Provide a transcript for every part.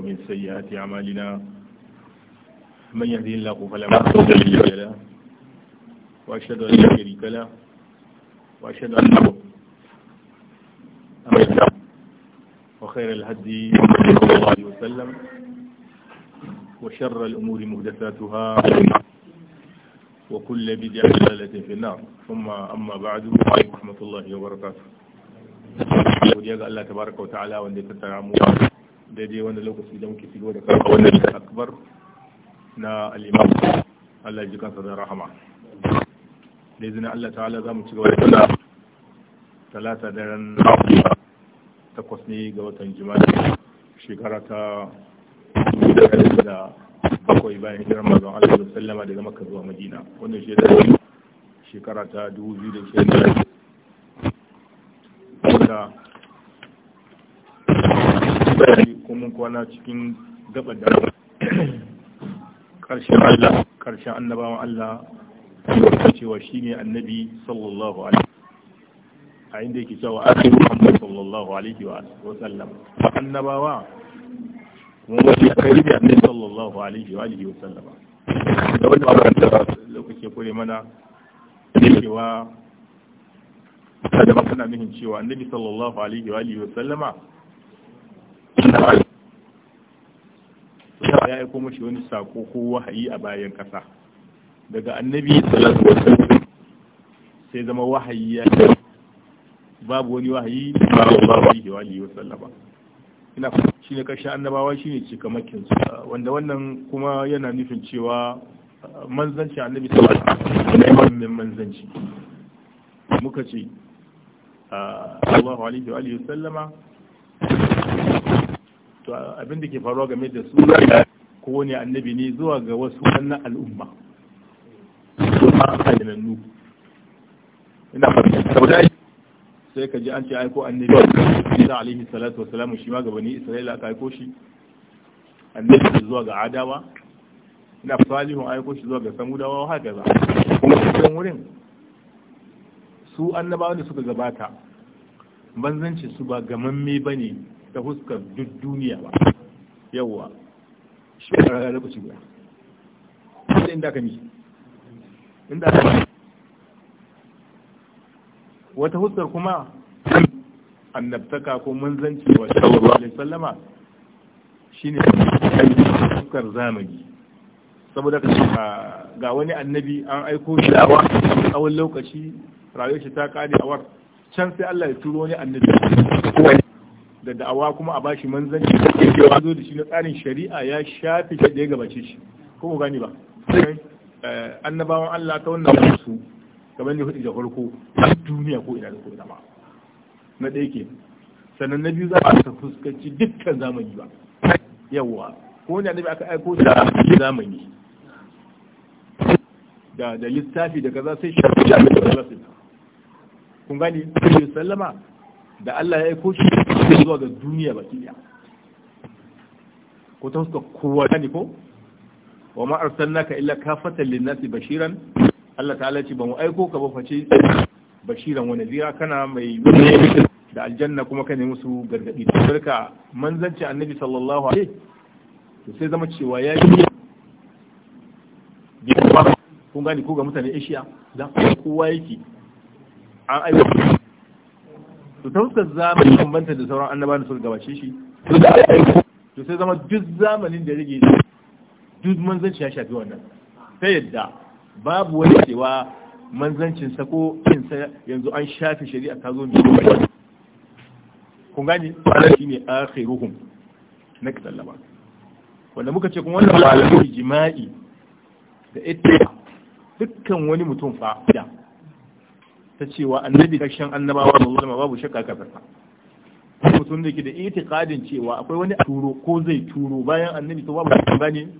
ومن سيئات أعمالنا من يهدي الله فلا مضل له وأشهد أن لا شريك له وأشهد أن وخير الهدي صلى الله عليه وسلم وشر الأمور مهدثاتها وكل بدعة ضلالة في النار ثم أما بعد ورحمة الله وبركاته godiya الله تبارك وتعالى wata'ala wanda ya daidai wanda lokaci da muke shigo da kafa wani akbar na al'imam Allah ji kansa da rahama da izinin Allah ta'ala za mu ci gaba da tana talata da ran takwas ne ga watan jima'i shekara ta da bakwai bayan hijirar mazan Allah da sallama daga maka zuwa madina wannan shi da shekara ta dubu biyu 2020 wanda ko mun kwana cikin gabar da ƙarshen Allah ƙarshen annabawan Allah cewa shine annabi sallallahu alaihi a inda yake cewa akhiru Muhammad sallallahu alaihi wa sallam annabawa kuma wani akari da annabi sallallahu alaihi wa alihi wa sallam da wani abu da lokaci kore mana cewa da makana nihin cewa annabi sallallahu alaihi wa alihi wa sallama ya aiko mashi wani sako ko wahayi a bayan kasa daga annabi sai zama wahayi ya babu wani wahayi babu wahayi wa ina shi ne karshen annabawa shi ne cikamakin wanda wannan kuma yana nufin cewa uh, manzanci annabi sallallahu alaihi manzanci muka ce uh, sallallahu alaihi wa sallama to abin da ke faruwa game da su Ko wani annabi ne zuwa ga wasu wannan al'umma kuma ayyanannu ina fahimta sai ka ji an ce aiko annabi Isa alaihi salatu salamu shi ma ga bani Isra'ila aka aiko shi annabi zuwa ga Adawa ina salihun aiko shi zuwa ga Samudawa haka za kuma cikin wurin su annabawa da suka gabata banzancin su ba gamamme ne. ta huskar duk duniya ba yawwa shi a raga lokaci guda sai inda ka mi inda ka wata huskar kuma annabtaka ko manzanci wa sallallahu alaihi sallama shine huskar zamani saboda ah, ga wani annabi an aiko shi a tsawon lokaci rayuwar shi ta kare a can sai Allah ya turo wani annabi da da'awa kuma a bashi manzanci da cewa zo da shi na tsarin shari'a ya shafi shi da ya gabace shi ko ku gani ba eh, annabawan Allah ta wannan ba su kamar ne hudu da farko duniya ko ina da ko ina ba na ɗaya ke sannan na biyu za a ta fuskanci dukkan zamani ba yawwa ko ne annabi aka aiko da zamani da da littafi da kaza sai shi da kaza kun gani sallama da Allah ya aiko shi da zuwa ga duniya baki daya ko ta suka kowa ne ko wa ma arsalnaka illa kafatan linnasi bashiran Allah ta'ala ce ba mu aiko ka ba face bashiran wa nadira kana mai da aljanna kuma ka nemi su gargadi da barka manzanci annabi sallallahu alaihi to sai zama cewa ya yi kun gani ko ga mutane Asia da kowa yake an aiko to ta fuskar zamani bambanta da sauran annaba da suka gabace shi to sai zama duk zamanin da rage duk manzanci ya shafi wannan ta yadda babu wani cewa manzancin sa ko kinsa yanzu an shafe shari'a ta zo mai kun gani shi ne akhiruhum na kitallaba wanda muka ce kuma wannan malamai jima'i da ita dukkan wani mutum fa ta cewa annabi karshen annabawa sallallahu zama babu shakka kafarta mutum da ke da itikadin cewa akwai wani a turo ko zai turo bayan annabi to babu shakka bane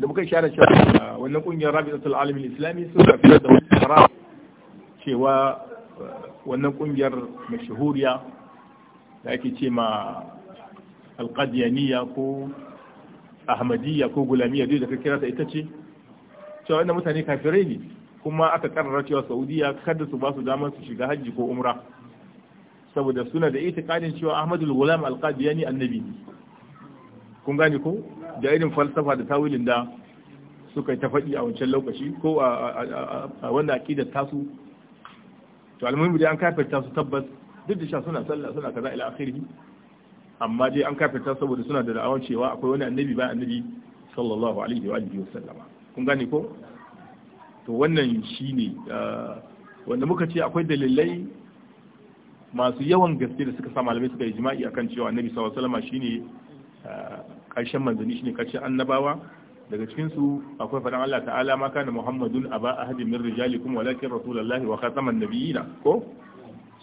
da muka share cewa ah, wannan kungiyar Rabi'atul Alamin Islami sun kafa da wani tsara cewa ah, wannan kungiyar mashahuriya da ake ce ma alqadiyaniya ko ahmadiyya ko gulamiyya duk da kake kira ta ita ce cewa wannan mutane kafirai ne kuma aka karara cewa saudiya kada su ba su damar su shiga hajji ko umra saboda suna da itikadin cewa ahmadul gulam alqadiyani annabi kun gane ko da irin falsafa da tawilin da suka yi ta faɗi a wancan lokaci ko a wanda akidar tasu to almuhimmi dai an kafirta su tabbas duk da sha suna sallah suna kaza ila akhirih amma dai an kafirta saboda suna da da'awar cewa akwai wani annabi ba annabi sallallahu alaihi wa alihi wa sallama kun gane ko to wannan shi ne uh, wanda muka ce akwai dalilai masu yawan gaske da suka sa malamai suka yi jima'i akan cewa annabi sawa salama shi ne karshen uh, manzanni ne karshen annabawa daga cikinsu akwai fadan Allah ta'ala ma kana Muhammadun a ba'a ahadin min kuma walakin rasulullahi wa khataman nabiyina ko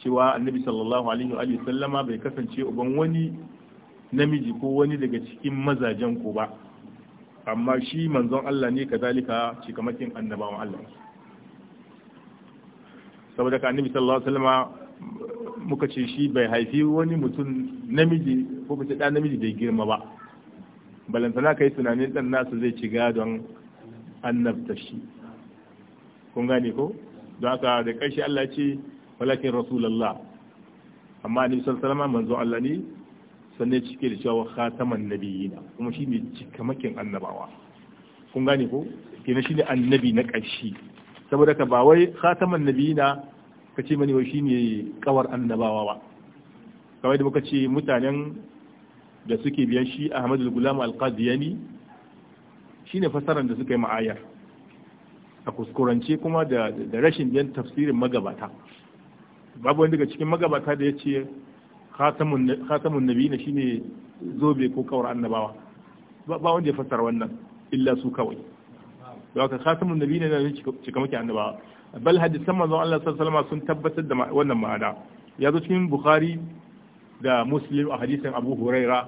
cewa annabi sallallahu alaihi wa sallama bai kasance uban wani namiji ko wani daga cikin mazajen ku ba amma shi manzon Allah ne kazalika cikamakin annabawan Allah saboda ka annabi sallallahu alaihi wasallama muka ce shi bai haifi wani mutum namiji ko kace da namiji da girma ba balantana kai tunanin dan nasu zai ci gadon annabta shi kun gane ko don haka da ƙarshe Allah ce walakin rasulullah amma annabi sallallahu alaihi wasallama manzon Allah ne sannan cike da cewa khataman nabiyina kuma shine cikamakin annabawa kun gane ko kenan shine annabi na ƙarshe saboda ka ba wai khataman nabiyina ka mani wai shine kawar annabawa ba kawai da muka ce mutanen da suke biyan shi Ahmadul Gulam Al-Qadiyani shine fasaran da suka yi ma'ayar a kuskurance kuma da rashin biyan tafsirin magabata babu wani daga cikin magabata da ya ce khatamun nabi na shine zobe ko kawar annabawa ba wanda ya fassara wannan illa su kawai da haka khatamun nabi ne na cika maki annabawa bal hadisan manzon Allah sallallahu alaihi sun tabbatar da wannan ma'ana ya zo cikin bukhari da muslim a hadisin abu huraira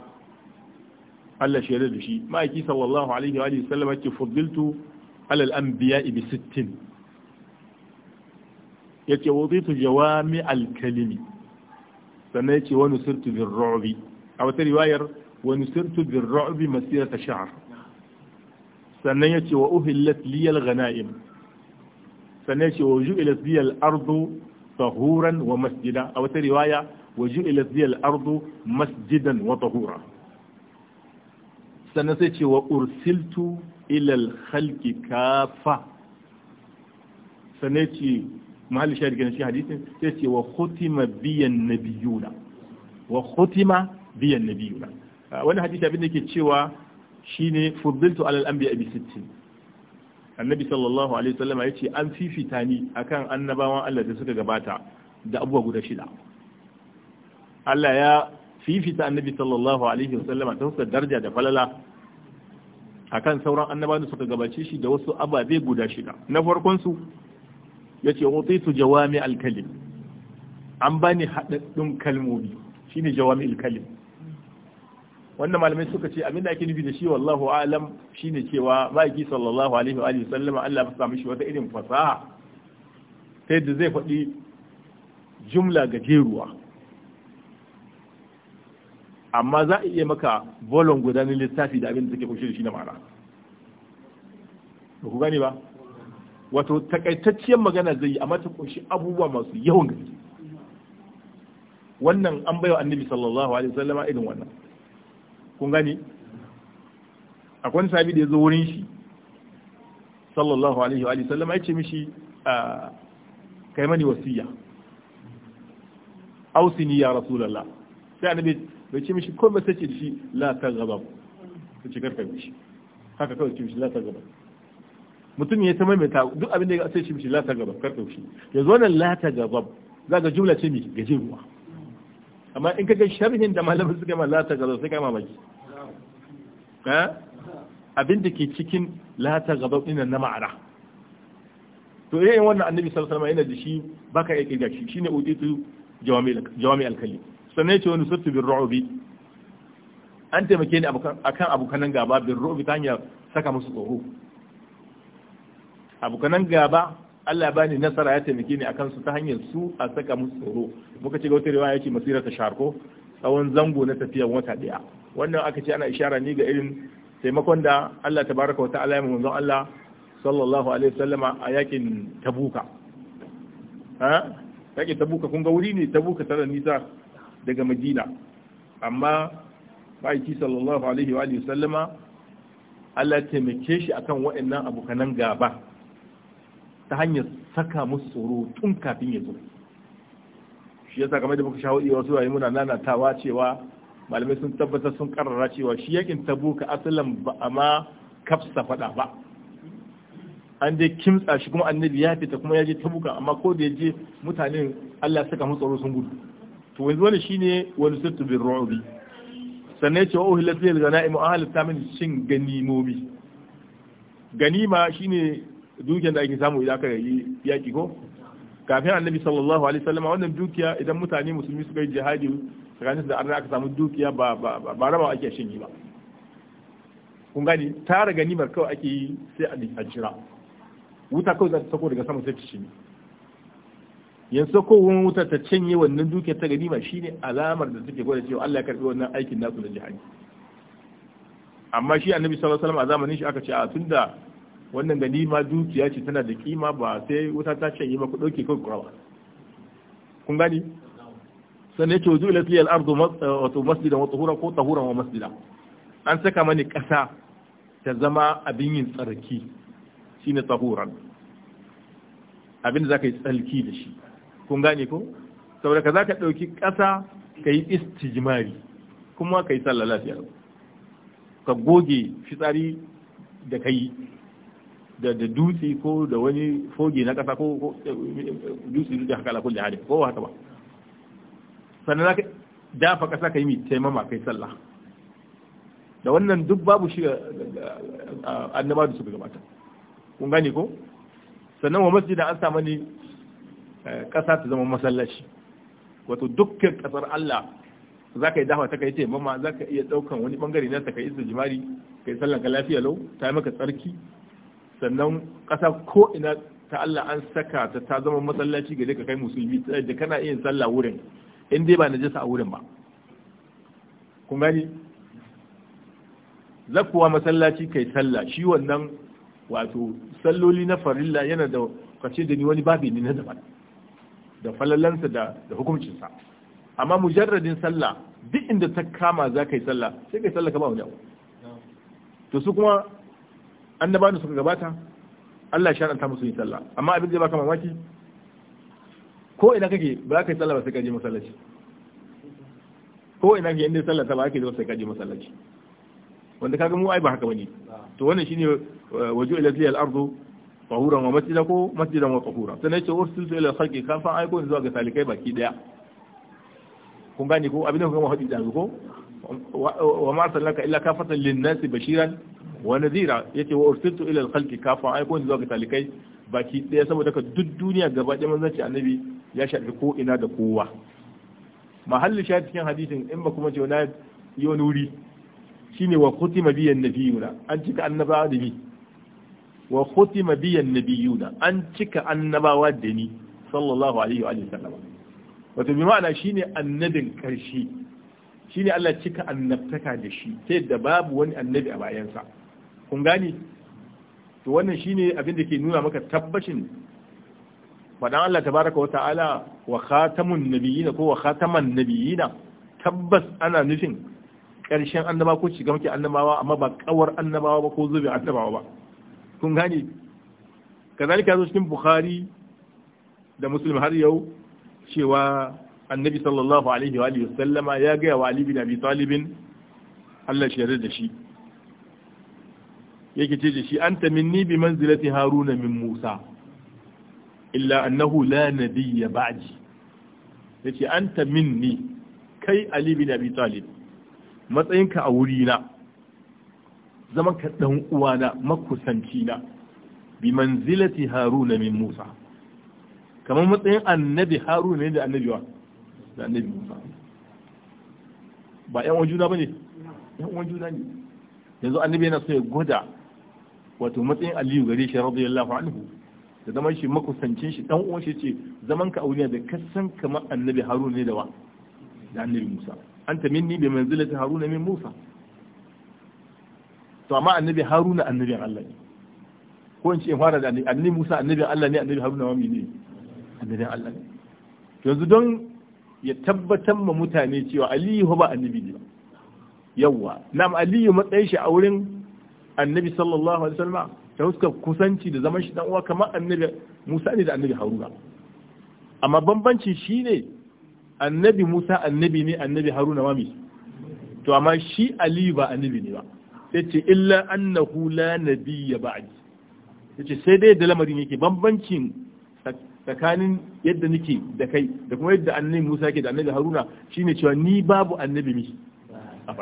Allah shi da shi ma'aiki sallallahu alaihi wa alihi sallam yake fuddiltu alal anbiya'i bi 60 yake wuditu jawami al kalimi سنيتي ونسرت بالرعب أو ترواير ونسرت بالرعب مسيرة شعر سنيتي وأهلت لي الغنائم سنيتي وجئلت لي الأرض طهورا ومسجدا أو ترواية وجئلت لي الأرض مسجدا وطهورا سنيتي وأرسلت إلى الخلق كافة سنيتي mahallin shahid ganin shi hadisin sai ce wa khutima biyan nabiyuna wa khutima biyan nabiyuna wani hadisi abin da yake cewa shine fuddiltu alal anbiya bi 60 annabi sallallahu alaihi wasallam ya ce an fifita ni akan annabawan Allah da suka gabata da abubuwa guda shida Allah ya fifita annabi sallallahu alaihi wasallam ta fuskar daraja da falala akan sauran annabawan da suka gabace shi da wasu ababe guda shida na farkon su yace utitu jawami alkalim an an bani haɗaɗɗun kalmomi shi ne jawami alkalim wannan malamai suka ce abinda ake nufi da shi wallahu alam shi ne cewa baki sallallahu alaihi wa alihi sallama Allah ya samu shi wata irin fasaha ta yadda zai faɗi jumla gajeruwa amma za a iya maka bolon gudanar littafi da abin da suke kunshe da shi na ma'ana ba ku gani ba wato takaitacciyar magana zai yi a mata kunshi abubuwa masu yawan gaske wannan an baiwa annabi sallallahu alaihi wasallama irin wannan kun gani akwai sabi da ya zo wurin shi sallallahu alaihi wa sallama ya ce mishi ah, kai mani wasiya ausini ya rasulullah sai annabi bai ce mishi ko ba sai ce shi la ta gaba ta ce karka mishi haka kawai ce mishi la ta gaba mutum ya ta maimaita duk abin da ya sai shi mishi la ta gaba karka shi ya zo nan la ta gaba ka jumla ce mai gajeruwa amma in ka ga sharhin da malamin suka ma la ta gaba sai kai ma ha abin da ke cikin la ta gaba ina na ma'ara to eh wannan annabi sallallahu alaihi wasallam yana da shi baka yake kirga shi shine uditu jawami jawami alkalim sannan yace wani sattu bir ru'bi an taimake ni akan abokanan gaba bir ru'bi ta hanyar saka musu tsoho abokanan gaba Allah ba ni nasara ya taimake ni akan su ta hanyar su a saka musu tsoro muka ce ga wata riwaya yake masira ta sharko tsawon zango na tafiyan wata daya wannan aka ce ana ishara ne ga irin taimakon da Allah tabaraka wa ta'ala ya manzon Allah sallallahu alaihi wasallama a yakin tabuka ha yakin tabuka kun ga wuri ne tabuka tare nisa daga Madina amma baiki sallallahu alaihi wa sallama Allah taimake shi akan waɗannan abukanan gaba ta hanyar saka musu tsoro tun kafin ya zo shi yasa kamar da muka shawo iya wasu yayi muna nanatawa cewa malamai sun tabbatar sun karara cewa shi yakin ka asalin ba a ma kafsa faɗa ba an dai kimtsa shi kuma annabi ya fita kuma ya je tabuka amma ko da ya je mutanen Allah saka musu tsoro sun gudu to yanzu wani shine wani sirtu bin ru'ubi sannan ya ce wa uhillat lil ahli tamin shin ganimomi ganima shine dukiyar da ake samu idan aka yi yaki ko kafin annabi sallallahu alaihi wasallam wannan dukiya idan mutane musulmi suka yi jihadi tsakanin da arna aka samu dukiya ba ba raba ake shin yi ba kun gani tara ganimar kawai ake yi sai a jira wuta kawai za ta sako daga sama sai ta shi yanzu ko wani wuta ta cinye wannan dukiyar ta ganima shine alamar da take gwada cewa Allah ya karbi wannan aikin nasu na jihadi amma shi annabi sallallahu alaihi wasallam a zamanin shi aka ce a tunda wannan ganima dukiya ce tana da kima ba sai wuta ta ce yi ba ku dauke kai kurawa kun gani sannan yake wuzu ilati al-ardu eh, wato masjidan wa tahura ko tahura wa masjida an saka mani kasa ta zama abin yin tsarki shine tahuran abin da zaka yi tsarki da shi kun gane ko saboda ka zaka dauki kasa kai istijmari kuma kai sallah lafiya ka goge fitsari da kai da da dutse ko da wani foge na kasa ko eh, dutse da haka alakul da hada ko haka ba sannan zaka dafa kasa kai mi taimama kai sallah da wannan duk babu shi eh, eh, annaba da suka gabata kun gane ko sannan wa masjidan an samu ne kasa ta zama masallaci wato dukkan kasar Allah za yi dafa ta kai taimama za ka iya daukan wani bangare na ta kai izu jimari kai sallan ka lafiya lau ta maka tsarki sannan ƙasa ko ina ta Allah an saka ta ta zama masallaci gare ka kai musulmi da kana iya sallah wurin in dai ba najasa a wurin ba kun gani zakuwa masallaci kai sallah shi wannan wato salloli na farilla yana da kace da ni wani babi ne na daban da falalansa da da hukuncinsa amma mujarradin sallah duk inda ta kama za ka yi sallah sai ka sallah ka ba wani abu to su kuma annabawan suka gabata Allah ya shar'anta musu yin sallah amma abin da ka mamaki ko ina kake ba ka yi sallah ba sai ka je masallaci ko ina kake inda sallah ta ba ka yi sai ka je masallaci wanda kaga mu ai ba haka bane to wannan shine eh, waju ila zil ardu tahuran wa masjida ko masjidan wa tahura sanai ce ursiltu ila khalqi kafan ai ko zuwa ga talikai baki daya kun gane ko abin da kuma hadisi da ko wa ma sallaka illa kafatan lin nasi bashiran wa nadhira yace wa ursiltu ila al-khalqi kafa ai ko zuwa ga talikai baki daya saboda ka duk duniya gaba ɗaya manzanci annabi ya shafi ko ina da kowa mahalli shafi cikin hadisin in ba kuma ce na yi wani wuri shine wa khutima biyan nabiyuna an cika annabawa da ni wa khutima biyan nabiyuna an cika annabawa da ni sallallahu alaihi wa sallam wato bi ma'ana shine annabin karshe shine Allah cika annabtaka da shi sai da babu wani annabi a bayansa kun gani to wannan shine abin da ke nuna maka tabbacin fadan Allah tabaraka wa ta'ala wa khatamun nabiyina ko wa khataman nabiyina tabbas ana nufin ƙarshen annaba ko shiga muke annabawa amma ba kawar annabawa ba ko zube annabawa ba kun gani kazalika zo cikin bukhari da muslim har yau cewa annabi sallallahu alaihi wa alihi ya ga wa ali bin abi talibin Allah shi yarda da shi yake ce da shi anta minni bi manzilati haruna min musa illa annahu la nabiyya ba'di yace anta minni kai ali bin abi talib matsayinka a wuri na zaman ka dan uwana makusanci na bi manzilati haruna min musa kamar matsayin annabi haruna ne da annabi wa da annabi musa ba yan uwan juna bane yan uwan ne yanzu annabi yana so ya gwada wato matsayin aliyu gare shi yallahu anhu da zama shi makusancin shi dan uwan shi ce zaman ka aure da kasan kamar annabi haruna ne da wa da annabi musa anta minni bi manzilati haruna min musa to amma annabi haruna Annabi Allah ne ko in ce in fara da annabi musa Annabi Allah ne annabi haruna wa ne Annabi Allah ne yanzu don ya tabbatar ma mutane cewa aliyu ba annabi ne ba yawwa nam aliyu matsayin shi a wurin annabi sallallahu alaihi wasallam ta huska kusanci da zaman shi dan uwa kamar annabi Musa ne da annabi Haruna amma bambanci shine annabi Musa annabi ne annabi Haruna ma mi to amma shi Ali ba annabi ne ba sai ce illa annahu la nabiyya ba'di yace sai dai da lamarin yake bambancin tsakanin yadda nake da kai da kuma yadda annabi Musa yake da annabi Haruna shine cewa ni babu annabi mi a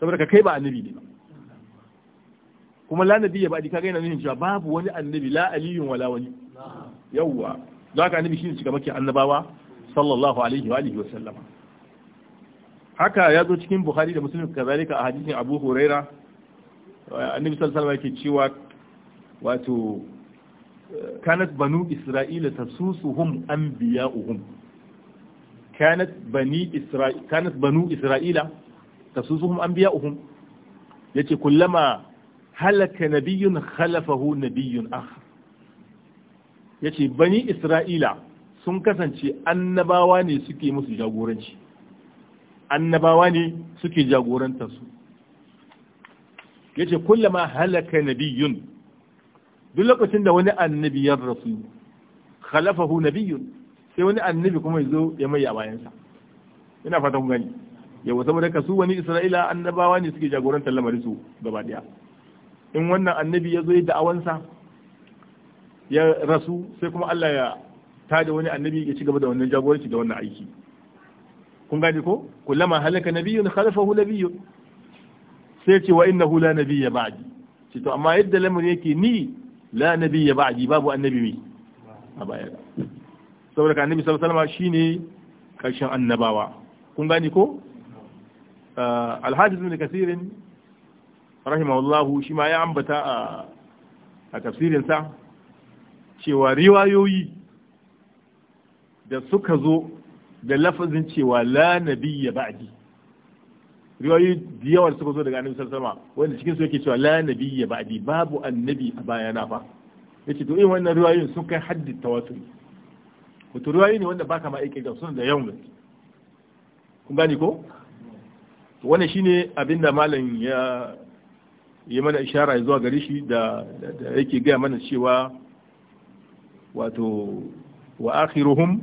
saboda ka kai ba annabi ne ba kuma la nabiyya ba kaga yana nufin cewa babu wani annabi la aliyun wala wani yawwa za haka annabi shine shugaban annabawa sallallahu alaihi wa alihi wa sallama haka ya zo cikin buhari da muslim kazalika a hadisin abu huraira annabi sallallahu alaihi yake cewa wato kanat banu isra'ila tasusuhum anbiya'uhum kanat bani isra'ila kanat banu isra'ila tasusuhum anbiya'uhum yace kullama halaka nabiyun khalafahu nabiyun akhar yace bani isra'ila sun kasance annabawa ne suke musu jagoranci annabawa ne suke jagorantar su yace kullama halaka nabiyun duk lokacin da wani annabi ya rasu khalafahu nabiyun sai wani annabi kuma ya zo ya mai a bayansa ina fata kun gani yawa saboda ka su wani isra'ila annabawa ne suke jagorantar lamarin su gaba daya in wannan annabi ya zo yi da'awansa ya rasu sai kuma Allah ya tada wani annabi ya ci gaba da wannan jagoranci da wannan aiki kun gane ko kullama halaka nabiyyun khalafahu nabiyyun sai ce wa innahu la nabiyya ba'di ce to amma yadda lamarin yake ni la nabiyya ba'di babu annabi mi a baya saboda ka annabi sallallahu alaihi shine karshen annabawa kun gane ko ah, al-hadith ibn kasirin rahimahullahu shi ma ya ambata a a tafsirinsa cewa riwayoyi da suka zo da lafazin cewa la nabiyya ba'di riwayoyi da yawa da suka zo daga annabi sallallahu alaihi wasallam wanda cikin su yake cewa la nabiyya ba'di babu annabi a bayana fa yace to irin wannan riwayoyin sun kai haddi tawatur wato riwayoyi ne wanda baka ma aiki ga sunan da yawan gaske kun gani ko wannan shine abinda malam ya yi mana ishara zuwa gare shi da yake gaya mana cewa wato wa akhiruhum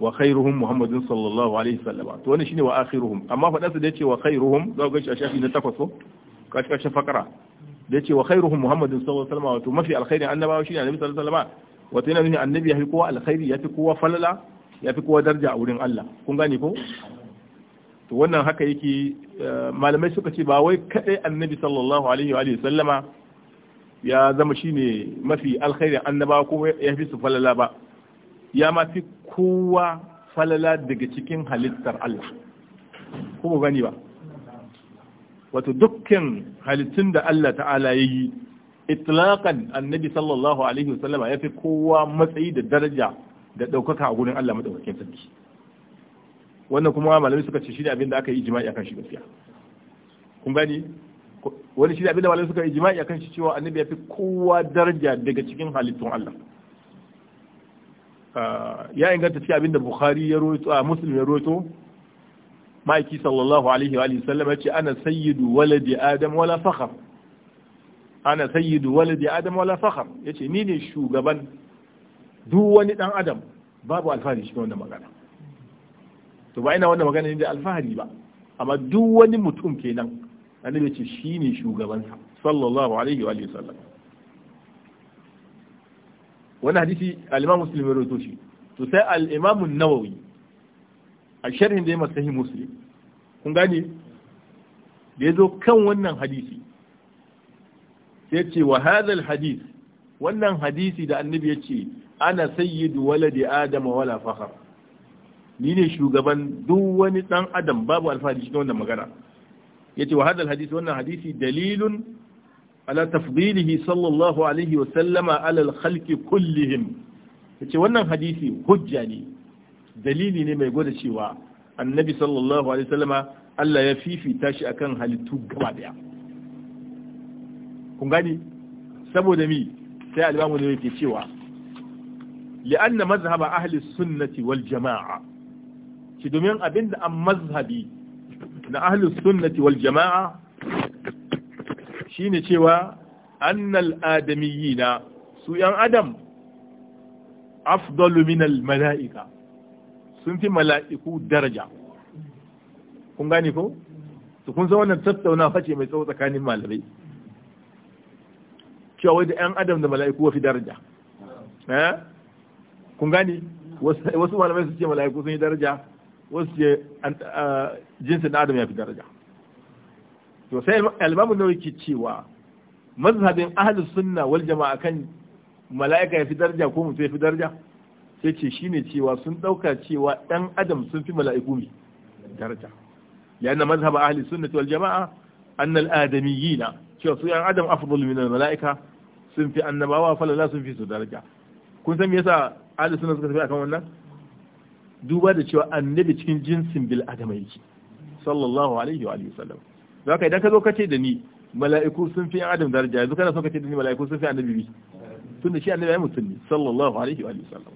wa khairuhum muhammadin sallallahu alaihi sallama to wani shine wa akhiruhum amma dasa da yace wa khairuhum za ga shi a shafi na takwaso ko kashi kashi fakara da yace wa khairuhum muhammadin sallallahu alaihi sallama wato mafi alkhairin annabawa shine annabi sallallahu alaihi sallama wato yana nuna annabi ya fi kowa alkhairi ya fi kowa falala ya fi kowa darja a wurin Allah kun gane ko to wannan haka yake eh, malamai suka ce ba wai kaɗai annabi sallallahu alaihi wa sallama ya zama shine mafi alkhairin annabawa ko ya fi su falala ba ya ma fi kowa falala daga cikin halittar Allah ko ba gani ba wato dukkan halittun da Allah ta'ala ya yi itlaqan annabi sallallahu alaihi wa sallama ya fi kowa matsayi da daraja da ɗaukaka a gurin Allah madaukakin sarki wannan kuma malamai suka ce shi ne abin da aka yi jima'i akan shi gaskiya kun gani wani shi ne abin da malamai suka yi jima'i akan shi cewa annabi ya fi kowa daraja daga cikin halittun Allah ah, ya inganta cikin abin da Bukhari ya roto a ah, Muslim ya roto Maiki sallallahu alaihi wa sallam ya ce ana sayyidu waladi adam wala fakhar ana sayyidu waladi adam wala fakhar yace ni ne shugaban duk wani dan adam babu alfahari cikin wannan magana to ba ina wannan magana ne da alfahari ba amma duk wani mutum kenan annabi ce shine shugabansa sallallahu alaihi wa sallam wannan hadisi al-Imam Muslim ya rawaito shi to sai al-Imam nawawi a sharhin da ya masa sahih Muslim kun gane da yazo kan wannan hadisi sai ce wa hadha al-hadith wannan hadisi da annabi ya ce ana sayyidu waladi adama wala fakhar ni ne shugaban duk wani dan adam babu alfahari cikin wannan magana yace wa hadal hadisi wannan hadisi dalilun ala tafdilihi sallallahu alaihi wa sallama ala al-khalqi kullihim yace wannan hadisi hujja ne dalili ne mai gwada cewa annabi sallallahu alaihi wasallama Allah ya fifita shi akan halittu gaba daya kun gani saboda mi sai alimamu ne yake cewa li'anna mazhaba ahli sunnati wal jama'a musulunci domin abin da an mazhabi na ahlus sunnati wal jama'a ne cewa annal na su yan adam afdalu minal mala'ika sun fi mala'iku daraja kun gane ko to kun san wannan tattauna face mai tsawo tsakanin malamai cewa wai da yan adam da mala'iku wafi daraja eh kun gane wasu malamai su ce mala'iku sun yi daraja wasu ce jinsin na adam ya fi daraja to sai almamu nawawi ke cewa mazhabin ahli sunna wal jama'a kan mala'ika ya fi daraja ko mutum ya fi daraja sai ce shine cewa sun dauka cewa dan adam sun fi mala'iku ne daraja yana mazhabin ahli sunna wal jama'a anna yi adamiyina cewa su yan adam afdal min al mala'ika sun fi annabawa falala sun fi su daraja kun san me yasa ahli sunna suka tafi akan wannan duba da cewa annabi cikin jinsin bil adama yake sallallahu alaihi wa alihi wasallam zaka idan ka zo kace da ni mala'iku sun fi adam daraja yanzu kana so kace da ni mala'iku sun fi annabi bi tunda shi annabi ya mutum sallallahu alaihi wa alihi wasallam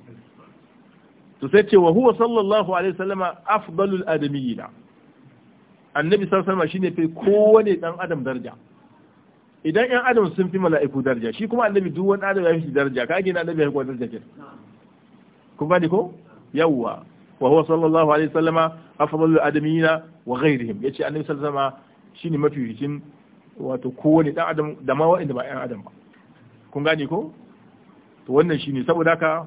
to sai ce wa huwa sallallahu alaihi wa wasallama afdalul adamiyina annabi sallallahu alaihi wa sallam shine fi kowane dan adam daraja idan yan adam sun fi mala'iku daraja shi kuma annabi duk wani adam ya fi daraja ka gina annabi ya fi daraja ke kun gane ko yawwa wa huwa sallallahu alaihi wasallama afdalu adamina wa ghayrihim yace annabi sallallahu alaihi wasallama shine mafi mafificin wato kowane dan adam da ma wa'anda ba ɗan adam ba kun gane ko to wannan shine saboda haka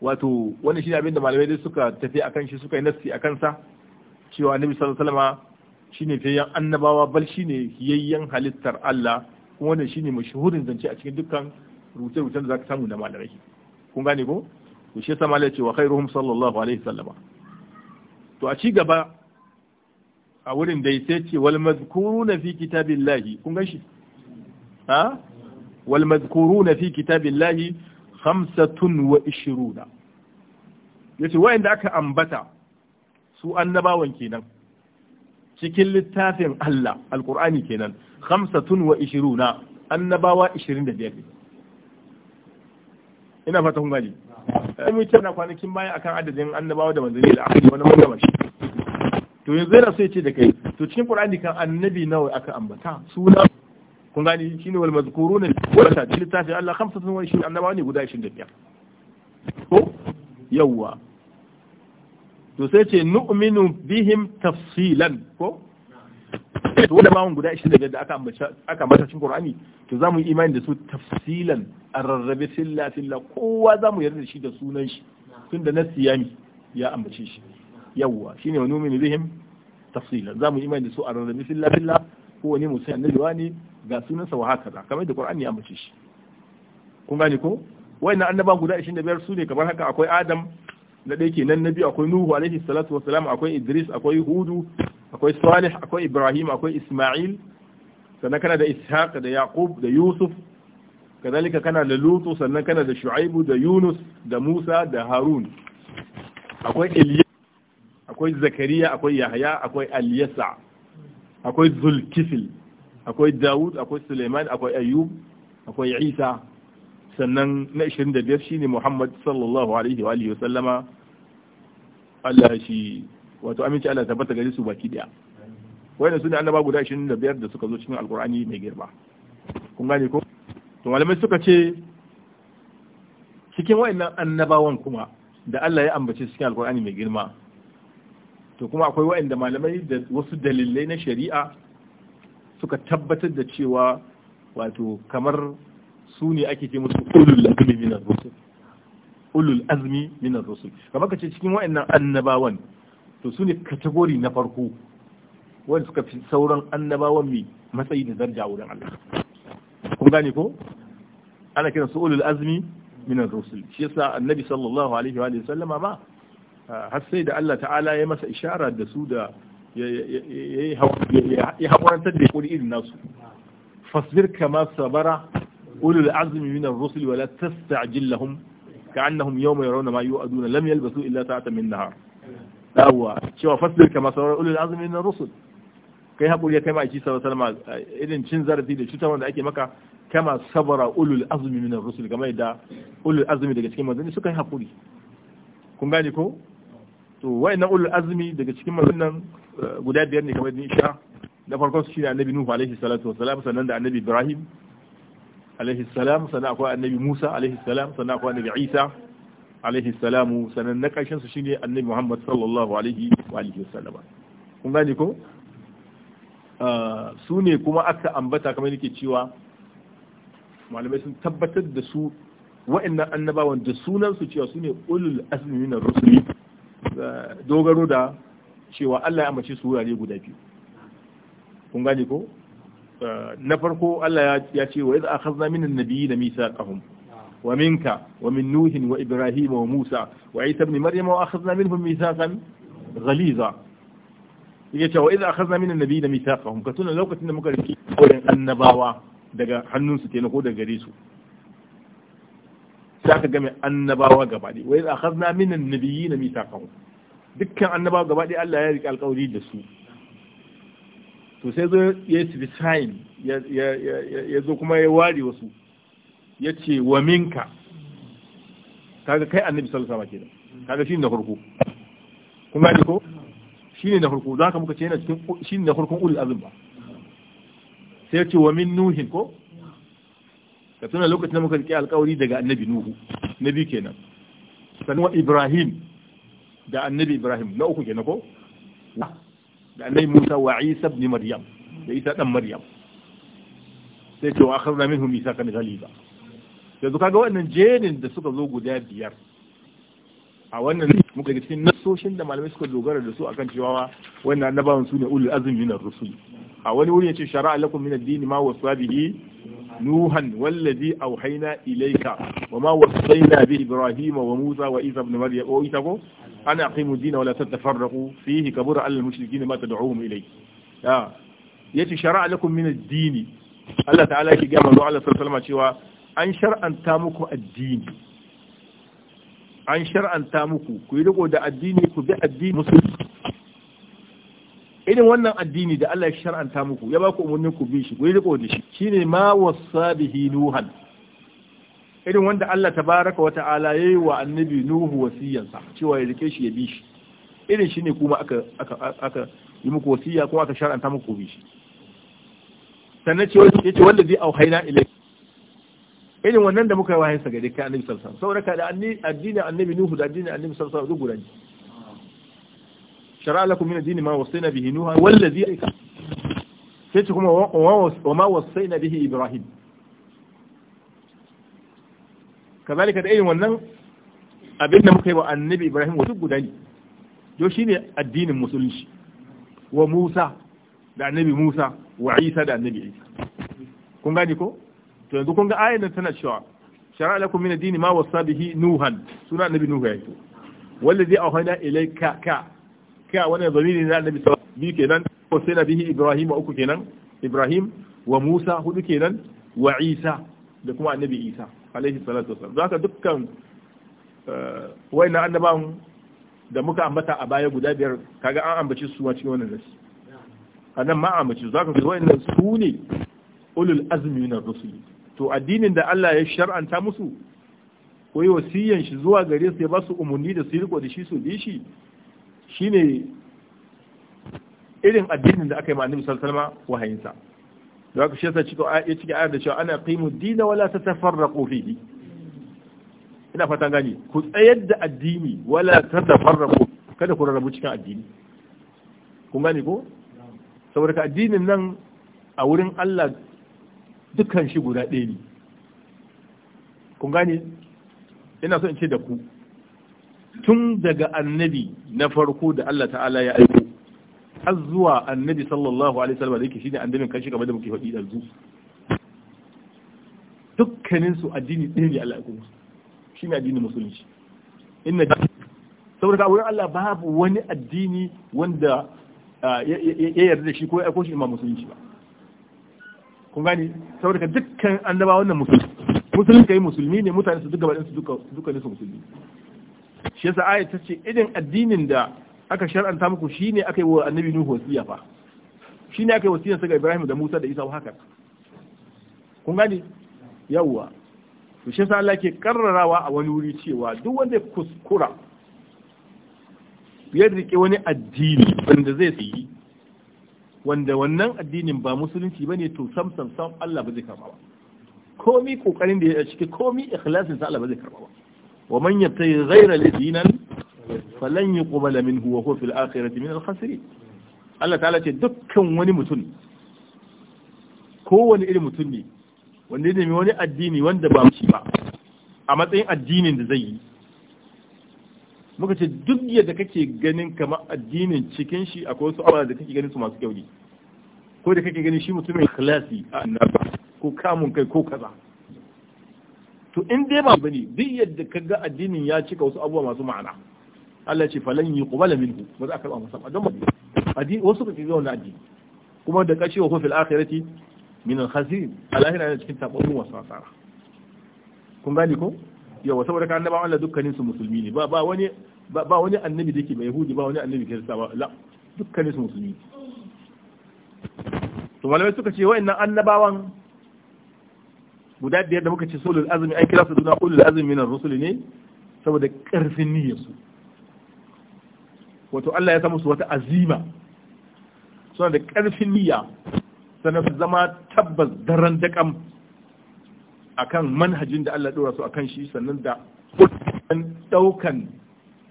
wato wannan shine abinda malamai dai suka tafi akan shi suka yi nassi akan sa cewa annabi sallallahu alaihi wasallama shine fiyayyen annabawa bal shine yayyan halittar Allah kuma wannan shine mashhurin zance a cikin dukkan rubuce-rubucen da zaka samu da malamai kun gane ko to shi sama ce wa khairuhum sallallahu alaihi sallama to a ci gaba a wurin dai sai ce wal mazkuruna fi kitabillahi kun ga shi ha wal mazkuruna fi kitabillahi khamsatun wa ishiruna yace wayanda aka ambata su annabawan kenan cikin littafin Allah alqur'ani kenan khamsatun wa ishiruna annabawa 25 ina fata kun gani sai mu tana kwanakin baya akan adadin annabawa da manzanni da aka wani wanda mashi. to yanzu yana so ya ce da kai to cikin qur'ani kan annabi nawa aka ambata suna kun gani shine wal mazkuruna wal ta tafi Allah 25 annabawa ne guda 25 ko yawwa to sai ce nu'minu bihim tafsilan ko to wanda bawon guda 25 da aka ambata aka ambata cikin Qur'ani to zamu yi imani da su tafsilan ararrabe silla silla kowa zamu yarda shi da sunan shi tunda na siyami ya ambace shi yawwa shine wani mu'minu bihim tafsilan zamu yi imani da su ararrabe silla silla ko wani musa annabi wani ga sunan wa haka da kamar da Qur'ani ya ambace shi kun gane ko wayannan annaban guda 25 su ne kamar haka akwai Adam na ɗaya nan na biyu akwai nuhu alaihi salatu wa salam akwai idris akwai hudu akwai salih akwai ibrahim akwai isma'il sannan kana da ishaq da yaqub da yusuf kadalika kana da lutu sannan kana da shu'aibu da yunus da musa da harun akwai iliya akwai zakariya akwai yahya akwai alyasa akwai zulkifil akwai dawud akwai suleiman akwai ayyub akwai isa sannan na 25 shine muhammad sallallahu alaihi wa alihi wa sallama Allah shi wato aminci Allah tabbata gare su baki daya wayannan sune annaba guda 25 da suka zo cikin alqur'ani mai girma kun gane ko to malamai suka ce cikin wayannan annabawan kuma da Allah ya ambace cikin alqur'ani mai girma to kuma akwai wayanda malamai da wasu dalilai na shari'a suka tabbatar da cewa wato kamar su ne ake ce musu ulul azmi minar rusul ulul azmi min ar-rusul kamar kace cikin wayannan annabawan to sune kategori na farko wanda suka fi sauran annabawan mi matsayi da daraja wurin Allah kun gane ko ana kiran su ulul azmi min ar-rusul shi yasa annabi sallallahu alaihi wa sallama ma har sai da Allah ta'ala ya masa ishara da su da ya haƙurantar da kuri irin nasu fasbir kama sabara ulul azmi min ar-rusul wala tasta'jil lahum كأنهم يوم يرون ما يوعدون لم يلبثوا إلا ساعة من نهار هو cewa fasbir kama sauran ulul azumi na rusul kai haƙuri ya kai ma'aiki sallallahu cin zarafi da cutar wanda ake maka kama sabara ulul azumi min rusul kamar da ulul azumi daga cikin manzanni suka yi haƙuri kun ko to wayannan ulul azumi daga cikin manzannin guda biyar ne kamar da isha da farkon su shine annabi nuhu alaihi salatu wasalam sannan da annabi ibrahim alaihi salam sannan akwai annabi Musa alaihi salam sannan akwai annabi Isa alaihi salamu sannan na ƙarshen su shine annabi Muhammad sallallahu alaihi wa alihi wasallam kun gane ko ah, su ne kuma aka ambata kamar yake cewa malamai sun tabbatar da su wa'annan annabawan da sunan su cewa su ne ulul azmi na rusuli ah, dogaro da cewa Allah ya amince su wurare guda biyu kun gane ko na farko Allah ya ce wa iza akhadna minan nabiyina mithaqahum wa minka wa min nuhin wa ibrahim wa musa wa isa ibn maryam wa akhadna minhum mithaqan ghaliza yace wa iza akhadna minan nabiyina mithaqahum ka tuna lokacin da muka riki koyan annabawa daga hannunsu kenan ko daga gare su sai aka game annabawa gaba ɗaya wa iza akhadna minan nabiyina mithaqahum dukkan annabawa gaba Allah ya riki alƙawari da su to sai zo ya specify ya zo kuma ya ware wasu ya ce wa minka kaga kai annabi sallallahu alaihi wasallam kenan kaga ne na farko kun gane ko shi ne na farko zaka muka ce yana cikin shi ne na farkon ulul azm ba sai ce wa min nuhin ko ka tuna lokacin da muka rike alƙawari daga annabi nuhu nabi kenan sanwa ibrahim da annabi ibrahim na uku kenan ko da annabi Musa wa Isa ibn Maryam da Isa dan Maryam sai to wa akharna minhum galiba sai yanzu kaga wannan jenin da suka zo guda biyar a wannan muka daga cikin nasoshin da malamai suka dogara da su akan cewa wannan annabawan su ne ulul azmi minar rusul a wani wuri yace shara'a lakum min ad-din ma wasa bihi nuhan wallazi auhaina ilayka wama wasaina bi ibrahima wa musa wa isa ibn maryam o ita ko ana aqimu ad-din wa la tatafarraqu fihi kabura al mushrikin ma tad'uhum ilayhi ya yace shara'a lakum min ad-din Allah ta'ala ki ga manzo Allah sallallahu alaihi cewa an shar'anta muku addini an shar'anta muku ku yi riko da addini ku bi addini musulmi irin wannan addini da Allah ya shar'anta muku ya ba ku umarnin ku bi shi ku yi riko da shi shine ma wasa bihi nuhan irin wanda Allah tabaraka wa ta'ala yayi wa annabi nuhu wasiyansa cewa ya rike shi ya bi shi irin shine kuma aka aka aka yi muku wasiya kuma aka shar'anta muku bi shi sannan ce zai wallazi auhayna ilai irin wannan da muka yi wa sa gare kai annabi sallallahu alaihi wasallam saboda da addini annabi nuhu da addini annabi sallallahu alaihi wasallam duk guda ne shara'a lakum min dini ma wasaina bihi nuha wallazi aika sai ce kuma wa ma wasaina bihi ibrahim kazalika da irin wannan abin da muka yi wa annabi ibrahim wasu guda ne yo shine addinin musulunci wa musa da annabi musa wa isa da annabi isa kun gani ko to yanzu kun ga ayan tana cewa shara'a lakum min dini ma wasa bihi nuhan suna annabi nuha yake wallazi auhayna ilayka ka ka wani zamiri na annabi bi kenan ko sai na bihi ibrahim uku kenan ibrahim wa musa hudu kenan wa isa da kuma annabi isa alaihi salatu wasallam zaka dukkan eh, na annaban da muka ambata a baya guda biyar kaga an ambaci su a cikin wannan nasi anan ma ambaci zaka ga wayannan su ne ulul azmi min ar-rusul to addinin da Allah ya shar'anta musu ko yi shi zuwa gare su ya ba su umarni da su riko da shi su bi shi shine irin addinin da aka yi ma annabi sallallahu wahayinsa da haka shi yasa cikin ya cike ayar da cewa ana qimu dina wala tatafarraqu fihi ina fatan gani ku tsayar da addini wala tatafarraqu kada ku rarrabu cikin addini kun gane ko saboda ka addinin nan a wurin Allah dukkan shi guda ɗaya ne kun gane ina so in ce da ku tun daga annabi na farko da Allah ta'ala ya aiko har zuwa annabi sallallahu alaihi wasallam da yake shine annabin kashi game da muke faɗi yanzu dukkanin su addini ɗaya ne Allah ya kuma shine addinin musulunci inna saboda a wurin Allah babu wani addini wanda ya yarda da shi ko ya aiko shi imam musulunci ba kun gani saboda dukkan annabawan wannan musulmi musulmi kai musulmi ne mutane su duka baɗin su duka su musulmi shi yasa aya ta ce irin addinin da aka shar'anta muku shine aka yi wa annabi nuhu wasiya fa shine aka yi wasiyarsa ga Ibrahim da Musa da Isa haka kun gani yawwa to shi yasa Allah ke karrarawa a wani wuri cewa duk wanda kuskura ya rike wani addini wanda zai yi wanda wannan addinin ba musulunci bane to sam sam sam Allah ba zai karba ba komi kokarin da ya cike komi ikhlasin sa Allah ba zai karba ba wa man yabtaghi ghayra dinan falan yuqbala minhu wa huwa fil akhirati min al khasirin Allah ta'ala ce dukkan wani mutum wani irin mutum ne wanda yake wani addini wanda ba shi ba a matsayin addinin da zai yi muka ce duk yadda kake ganin kama addinin cikin shi akwai wasu abubuwa da kake ganin su masu kyau ne ko da kake ganin shi mai ikhlasi a annaba ko kamun kai ko kaza to in dai ba bane duk yadda kaga addinin ya cika wasu abubuwa masu ma'ana Allah ce falan yuqbala minhu ba za a karba masa ba don ba addini wasu ba su wannan addini kuma da kace wa fil akhirati min al khazir alahira yana cikin tababu wasu asara kun gani ko yawa saboda ka annabawan Allah dukkanin su musulmi ne ba ba wani ba wani annabi da yake ba yahudi ba wani annabi kirista ba la dukkanin su musulmi to malamai suka ce wa'annan annabawan guda biyar da muka ce sulul azumi an kira su suna ulul azumi ar rusuli ne saboda karfin niyyarsu wato Allah ya samu su wata azima suna da karfin niyya sannan su zama tabbas daren dakam akan manhajin da Allah dora su akan shi sannan da daukan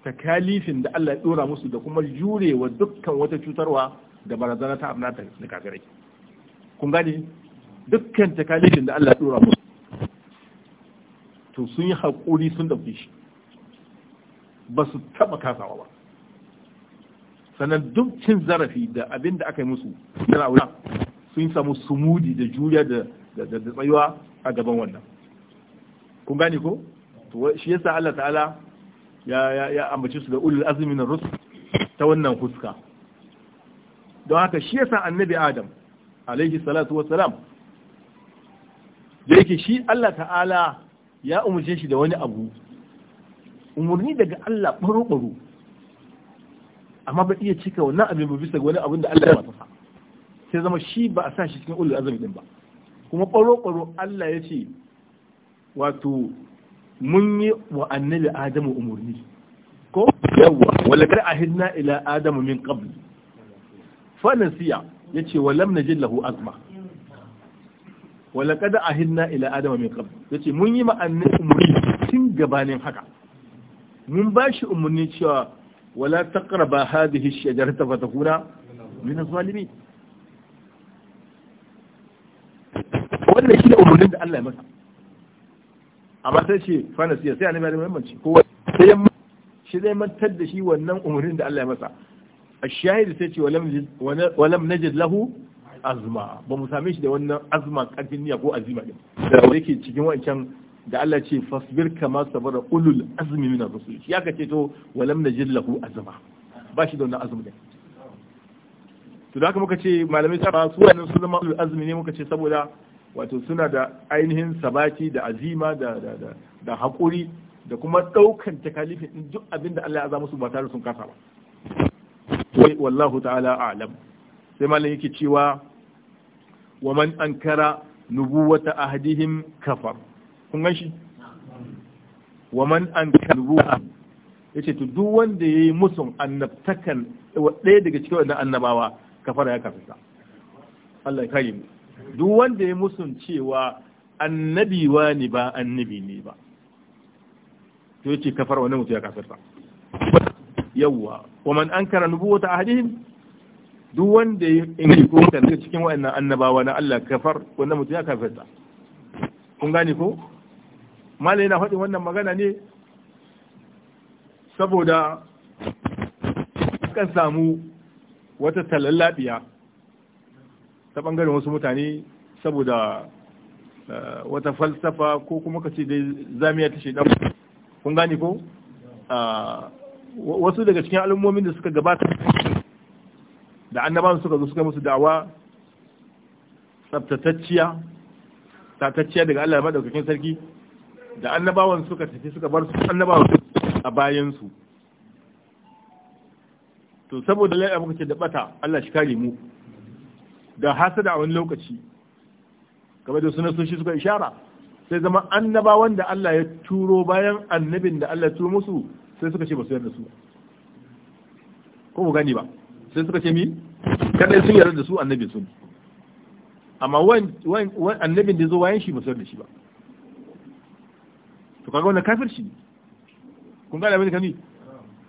takalifin da Allah ya dora musu da kuma jurewa dukkan wata cutarwa da barazana ta abnata da kafirai kun gane dukkan takalifin da Allah dora musu to sun yi haƙuri sun dauke shi ba su taɓa kasawa ba sannan duk cin zarafi da abin da aka yi musu na ra'uwa sun samu sumudi da juriya da tsayuwa a gaban wannan kun gane ko to shi yasa Allah ta'ala ya ya ya ambace su da ulul azmi na rusul ta wannan huska don haka shi yasa annabi adam alaihi salatu wassalam da yake shi Allah ta'ala ya umarce shi da wani abu umarni daga Allah baro-baro amma ba iya cika wannan abin ba bisa wani abin da Allah ya masa sai zama shi ba a sa shi cikin ulul azumi din ba kuma baro-baro Allah ya ce wato mun yi wa annabi Adamu umarni ko yawwa wala kar ahidna ila Adamu min qabl fa nasiya yace wa lam najid lahu azma wala kada a hinna ila adama min qabl yace mun yi ma'annin umarni tun gabanin haka mun ba shi umarni cewa wala taqraba hadhihi ash-shajarata fatakuna min az-zalimin wannan shi ne umarnin da Allah ya masa amma sai ce fana siya sai annabi ya muhimmanci ko sai shi zai mantar da shi wannan umarnin da Allah ya masa ash-shahid sai ce walam walam najid lahu azma ba mu same shi da wannan azma karfin niyya ko azima din da yake cikin wancan da Allah ce fasbir kama sabara ulul azmi min rusul ya aka ce to walam najil lahu azma ba shi da wannan azmi din to da haka muka ce malamai sa su wannan sun zama ulul azmi ne muka ce saboda wato suna da ainihin sabaki da azima da da da, da hakuri da kuma daukan takalifin duk abinda Allah ya azama su ba tare sun kasa ba wallahu ta'ala a'lam sai malam yake cewa wa man ankara nubuwata ahadihim kafar kun gan shi wa man ankara nubuwa yace to duk wanda yayi musun annabtakan ɗaya daga cikin wannan annabawa kafara ya kafisa Allah ya kare mu duk wanda ya musun cewa annabi wa ne ba annabi ne ba to yace kafara wannan mutum ya kafirta yawwa wa man ankara nubuwata ahadihim duk wanda ya in ko kanta cikin wa'annan annabawa na Allah kafar wannan mutum ya kafirta kun gane ko malai yana faɗin wannan magana ne saboda kan samu wata talallabiya ta ɓangaren wasu mutane saboda eh, wata falsafa ko kuma ka ce dai zamiya ta shaidan kun gane ko ah, wasu daga cikin al'ummomin da suka gabata da annaban suka zo suka musu da'awa tsaftatacciya tatacciya daga Allah madaukakin sarki da annabawan suka tafi suka bar su annabawan a bayan su to saboda lai'a muka ce da bata Allah shi kare mu da hasada a wani lokaci kamar da sunan sunshi suka ishara sai zama annabawan da Allah ya turo bayan annabin da Allah ya turo musu sai suka ce ba su yarda su ko ku gani ba sai suka ce mi kadai sun yarda da su annabi sun, amma wani annabin da zo wayan shi ba su yarda shi ba to kaga wani kafir shi kun gane abin kani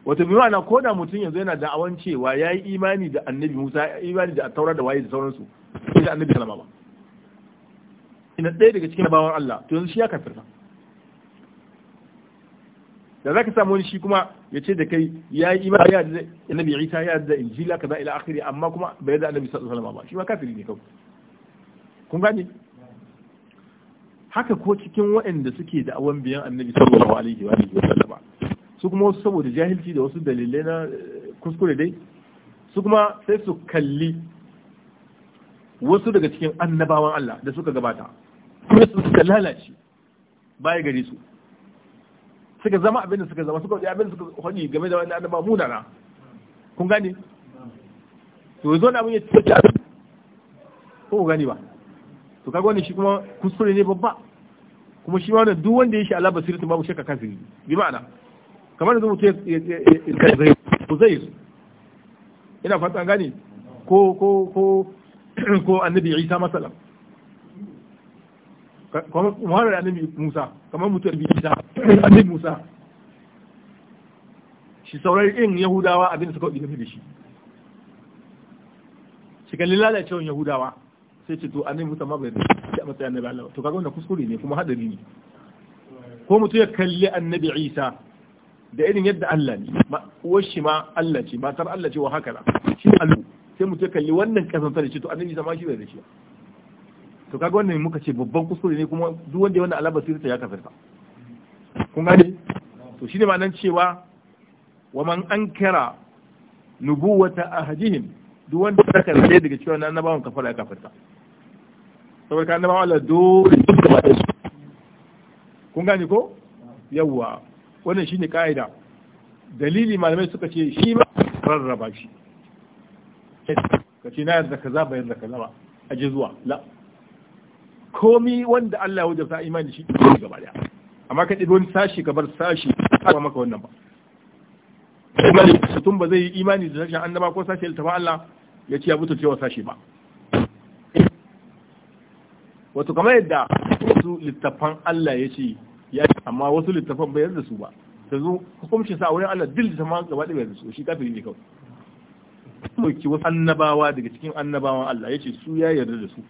wato bi ma'ana ko da mutum yanzu yana awan cewa ya yi imani da annabi musa ya yi imani da taurar da waye da sauransu sai da annabi kalama ba ina ɗaya daga cikin bawan allah to yanzu shi ya kafirta da zaka samu wani shi kuma ya ce da kai ya yi imani ya da annabi Isa ya da injila kaza ila akhiri amma kuma bai da annabi sallallahu alaihi wasallam ba shi ma kafiri ne kawai kun gane haka ko cikin waɗanda suke da awan biyan annabi sallallahu alaihi wa alihi wasallam su kuma wasu saboda jahilci da wasu dalilai na eh, kuskure dai su kuma sai su kalli wasu daga cikin annabawan Allah da suka gabata kuma su lalace baya gare su suka zama abin da suka zama suka faɗi abin da suka faɗi game da wani annaba munana kun gani to yanzu wani abin ya ci ko ku gani ba to kaga wani shi kuma kuskure ne babba kuma shi wannan duk wanda ya shi ala tun babu shakka kafiri bi ma'ana kamar da mutum ya zai ku zai ina fata gani ko ko ko ko annabi Isa masallam kamar annabi Musa kamar mutuwar bi Isa annabi Musa shi saurari irin Yahudawa abin da suka ɗi da shi shi kalli lalacewan Yahudawa sai ce to annabi Musa ma bai da shi a matsayin annabi Allah to kaga wanda kuskure ne kuma hadari ne ko mutum ya kalli annabi Isa da irin yadda Allah ne uwar shi ma Allah ce matar Allah ce wa haka shi allu sai mutum ya kalli wannan kasantar da shi to annabi Isa ma shi bai da shi to kaga wannan muka ce babban kuskure ne kuma duk wanda wannan alama ta ya kafirta kun gane to shine ma'anar cewa wa man ankara nubuwata ahadihim duk wanda ya karbe daga cewa na annabawan kafara ya kafirta saboda ka annabawa Allah dole su gaba da kun gane ko yawwa wannan shine kaida dalili malamai suka ce shi ba rarraba shi ka ce na yarda kaza ba yarda kaza ba aje zuwa la komi wanda Allah ya wajabta imani shi ne gaba daya amma ka ɗibi wani sashi ka bar sashi ba maka wannan ba imani mutum ba zai yi imani da sashen annaba ko sashi littafin Allah ya ci ya butu cewa sashi ba wato kamar yadda wasu littafan Allah ya ce ya amma wasu littafan bai yarda su ba ta zo hukumcin sa a wurin Allah dil ta ma gaba da bai su shi kafiri ne kawai ɗauki wasu annabawa daga cikin annabawan Allah ya ce su ya yarda da su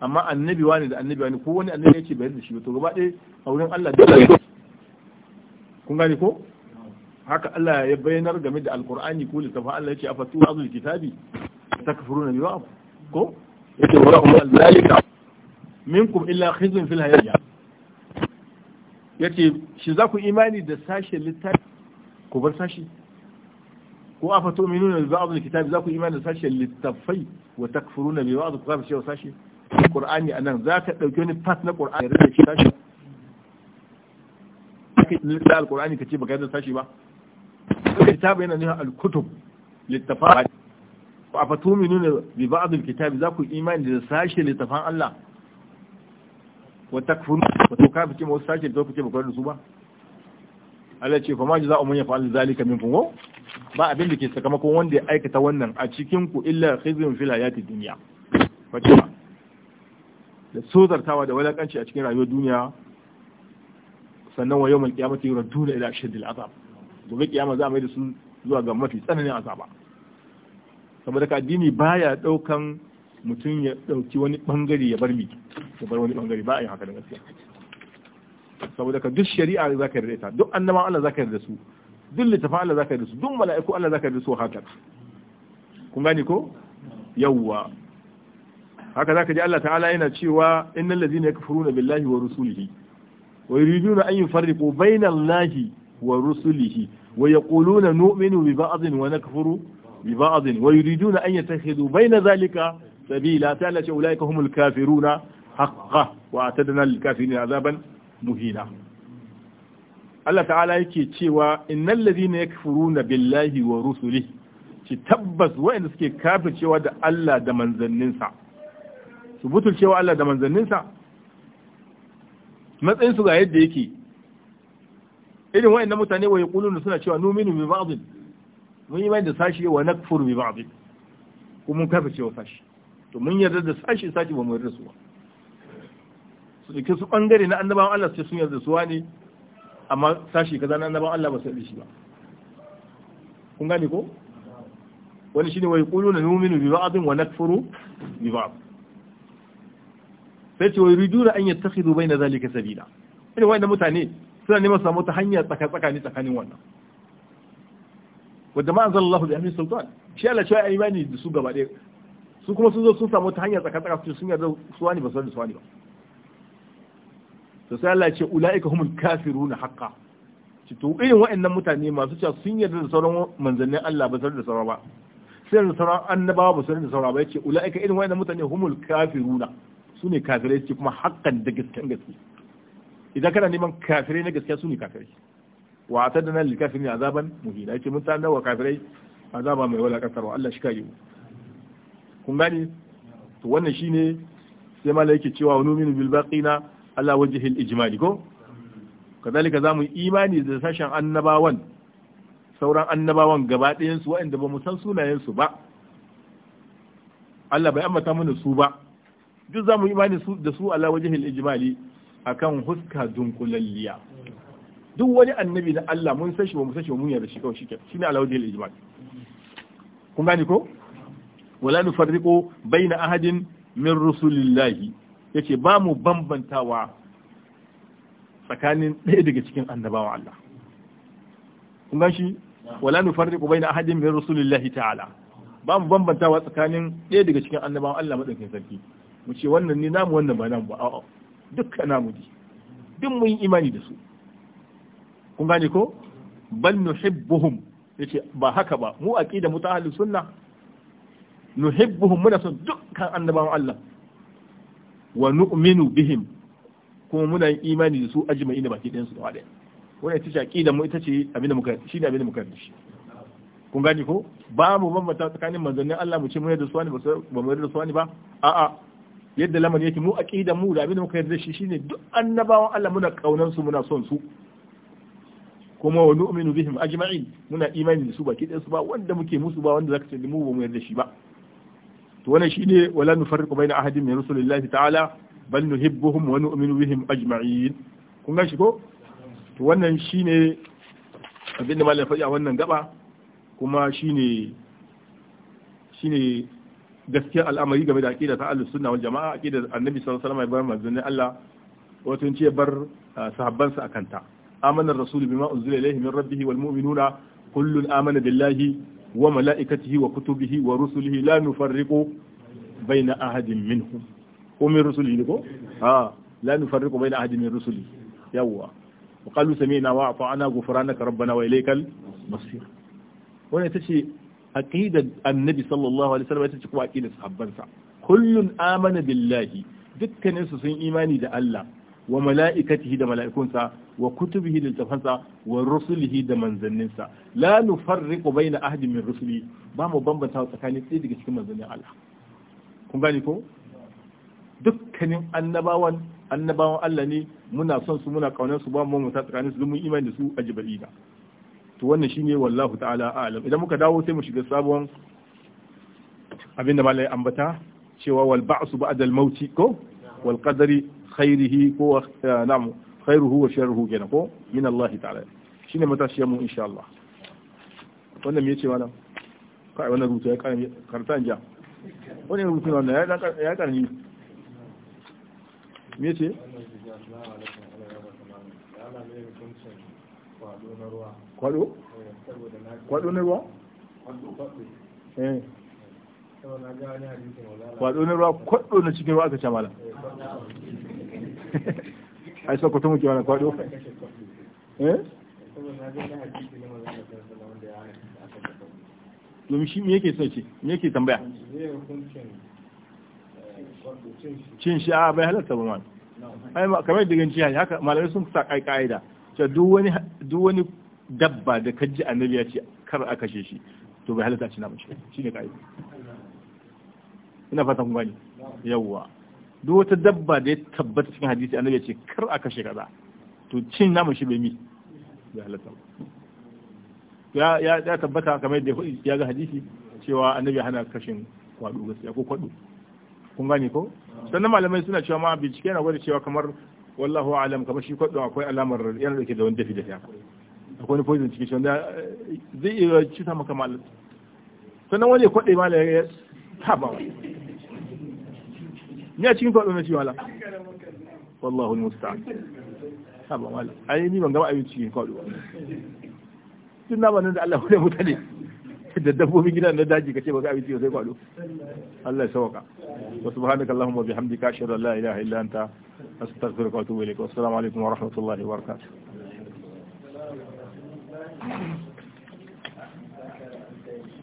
amma annabi wani da annabi wani ko wani annabi yake bayar da shi to gaba ɗaya a wurin Allah da kun gane ko haka Allah ya bayyanar game da alqur'ani ko littafin Allah yake afatu azul kitabi takfuruna bi ba'd ko yake wa ra'um zalika minkum illa khizun fil hayya yace shi za ku imani da sashen littafi ku bar sashi ko afatu minuna bi ba'd alkitabi za ku imani da sashen littafai wa takfuruna bi ba'd ku kafir sashi Kur'ani a nan za ka ɗauki wani fas na Kur'ani? Qur'ani da shi sashi ka lissa al-Qur'ani ka ce baka yarda sashi ba ka kitabu yana nuna al-kutub littafa a fatumi nuna bi ba'd al-kitab za ku imani da sashi littafan Allah Wata wa takfuru wa tukafitu wasu sashi da kuke baka da su ba Allah ce kuma jaza'u man yaf'al zalika minkum wa ba abin da ke sakamakon wanda ya aikata wannan a cikin ku illa khizyun fil hayati dunya fatiha da sozartawa da walakanci a cikin rayuwar duniya sannan wa yi rantu da ila ashaddil azab gobe kiyama za a mai da su zuwa ga mafi tsananin azaba saboda ka ba ya daukan mutum ya dauki wani bangare ya bar mi ya bar wani bangare ba a yi haka da gaskiya saboda ka duk shari'a za ka yarda ita duk annabawa Allah za ka yarda su duk littafin Allah za ka yarda su duk mala'iku Allah za ka yarda su haka kun gane ko yawwa haka zaka ji Allah ta'ala yana cewa innal ladzina yakfuruna billahi wa rusulihi wa yuriduna an yufarriqu baina Allahi wa rusulihi wa yaquluna nu'minu bi ba'dhin wa nakfuru bi ba'dhin wa yuriduna an yattakhidhu baina dhalika sabila ta'ala ce ulaika humul kafiruna haqqan wa atadna lil kafirina azaban muhina Allah ta'ala yake cewa innal ladhina yakfuruna billahi wa rusulihi ci tabbas waɗanda suke kafircewa da Allah da manzanninsa su butulcewa Allah da manzanninsa matsayin su ga yadda yake irin na mutane wa da suna cewa numinu mai ba'd mun yi mai da sashi wa nakfur mai ba'd kuma mun kafa cewa sashi to mun yarda da sashi sashi ba mu yarda su ba su dake su ɓangare na annabawan Allah sai sun yarda su ne amma sashi kaza na annabawan Allah ba su yarda shi ba kun gane ko wani shine wa yaquluna numinu bi ba'd wa nakfuru bi ba'd sai ce wa yuriduna an yattakhidhu bayna zalika sabila irin wayannan mutane suna neman samu ta hanya tsaka tsakani tsakanin wannan wanda wa jama'a zallahu bi ahli sultan shi Allah shi imani da su gaba ɗaya su kuma sun zo sun samu ta hanya tsaka tsaka su sun yarda su wani ba su da su wani ba to sai Allah ya ce ulaika humul kafiruna haqqan ci to irin waɗannan mutane masu cewa sun yarda da sauran manzannin Allah ba da sauran ba sai da sauran annabawa ba da sauran ba yace ulaika irin waɗannan mutane humul kafiruna su ne kafirai suke kuma haƙƙan da gasken gaske idan kana neman kafirai na gaskiya su ne kafirai wa a tattana likafi ne azaban muhina yake mun tanar wa kafirai azaba mai wala wa Allah shi ka mu kun gani to wannan shine sai mala yake cewa wa numinu bil baqina ala wajhil ijmali ko kazalika zamu imani da sashen annabawan sauran annabawan gaba ɗayan su waɗanda ba mu san sunayen su ba Allah bai ambata mana su ba duk za mu imani da su ala ijimali a kan huska dunkulalliya duk wani annabi na Allah mun san shi ba mu san shi ba mun yarda shi kawai shike shine ala wajihil ijimali kun gani ko wala nufarriqu baina ahadin min rusulillahi yace ba mu bambantawa tsakanin ɗaya daga cikin annabawa Allah kun gani shi wala nufarriqu baina ahadin min rusulillahi ta'ala ba mu bambantawa tsakanin ɗaya daga cikin annabawa Allah madaukakin sarki mu ce wannan ne namu wannan ba namu ba a'a dukkan namu ne duk mun yi imani da su kun gane ko bal nuhibbuhum yace ba haka ba mu aqida mu ta ahlus sunna nuhibbuhum muna son dukkan annabawan Allah wa nu'minu bihim kuma muna yin imani da su ne baki ɗayan su da wani wannan ita ce aqida mu ita ce abinda muka shi ne abinda muka shi kun gane ko ba mu bambanta tsakanin manzannin Allah mu ce mu yarda da su ne ba mu yarda da su ne ba a'a yadda lamar yake mu aqida mu da abin da muka yarda shi shine duk annabawan Allah muna kaunan su muna son su kuma wa nu'minu bihim ajma'in muna imani da su baki ɗaya su ba wanda muke musu ba wanda zaka ce mu ba mu yarda shi ba to wannan shine wala nufarriqu baina ahadin min rasulillahi ta'ala bal nuhibbuhum wa nu'minu bihim ajma'in kun ga shi ko to wannan shine abin da malam faɗi a wannan gaba kuma shine shine gaskiyar al'amari game da aqida ta ahlus sunna wal jama'a aqida annabi sallallahu alaihi wasallam bar manzon Allah wato ce bar ah, sahabban sa akan ta amana ar-rasul bima unzila ilayhi min rabbih wal mu'minuna kullun amana billahi wa malaikatihi wa kutubihi wa rusulihi la nufarriqu baina ahadin minhum ko min rusulihi ko ha la nufarriqu baina ahadin min rusulihi yawwa وقالوا سمعنا واعطانا غفرانك ربنا واليك Masir wannan ita ce aqidar annabi sallallahu alaihi wasallam ita ce kuma aqidar sahabbansa kullun amana billahi dukkanin su sun imani da Allah wa mala'ikatihi da mala'ikunsa wa kutubihi da littafansa wa rusulihi da manzanninsa la nufarriqu baina ahadin min rusuli ba mu bambanta tsakanin ɗaya daga cikin manzannin Allah kun gane ko dukkanin annabawan annabawan Allah ne muna son su muna kaunar su ba mu mu tsakanin su mun imani da su a jibrila to wannan shine wallahu ta'ala a'lam idan muka dawo sai mu shiga sabon abinda malai ambata cewa wal ba'su ba'da al mauti ko wal qadari khairihi ko eh, na'am khairuhu wa sharruhu gena ko min Allah ta'ala shine matashiyar mu insha Allah wannan me yace malam kai wannan rubutu ya karanta karanta ja wannan rubutu wannan ya dan ya karanta me yace kwado kwado na ruwa kwado na ruwa kwado na cikin ruwa ka ce mala a yi sakwato muke wani kwado eh domin shi me yake so ce me yake tambaya eh, cin shi a ah, bai halatta ba ma ai kamar da ganci haka malamai sun sa kai ka'ida ce duk wani dabba da ka ji annabi ya ce kar a kashe shi to bai halatta ci namun shi ne ka'ida ina fata kun gani yawwa duk wata dabba da ya tabbata cikin hadisi annabi ya ce kar a kashe kaza to cin namun shi bai mi bai halatta ya ya ya tabbata kamar da ya ga hadisi cewa annabi hana kashin kwado gaskiya ko kwado kun gani ko ah. sannan malamai suna cewa ma bincike na gwada cewa kamar wallahu alam kamar shi kwaɗo akwai alamar yana dauke da wani dafi ya akwai poison cikin shi wanda eh, zai iya cuta maka malam sannan wani ya kwaɗe malam ya taba wa ni a cikin kwaɗo na shi malam wallahu musta taba malam ai ni ban gaba ayyuci cikin kwaɗo tun na ban da Allah wani mutane da dabbobin gida na daji kace ba ga abinci ba sai kwado Allah ya sauka wa subhanaka allahumma wa bihamdika ashhadu an la ilaha illa anta astaghfiruka wa atubu ilaik wa assalamu alaikum wa rahmatullahi wa barakatuh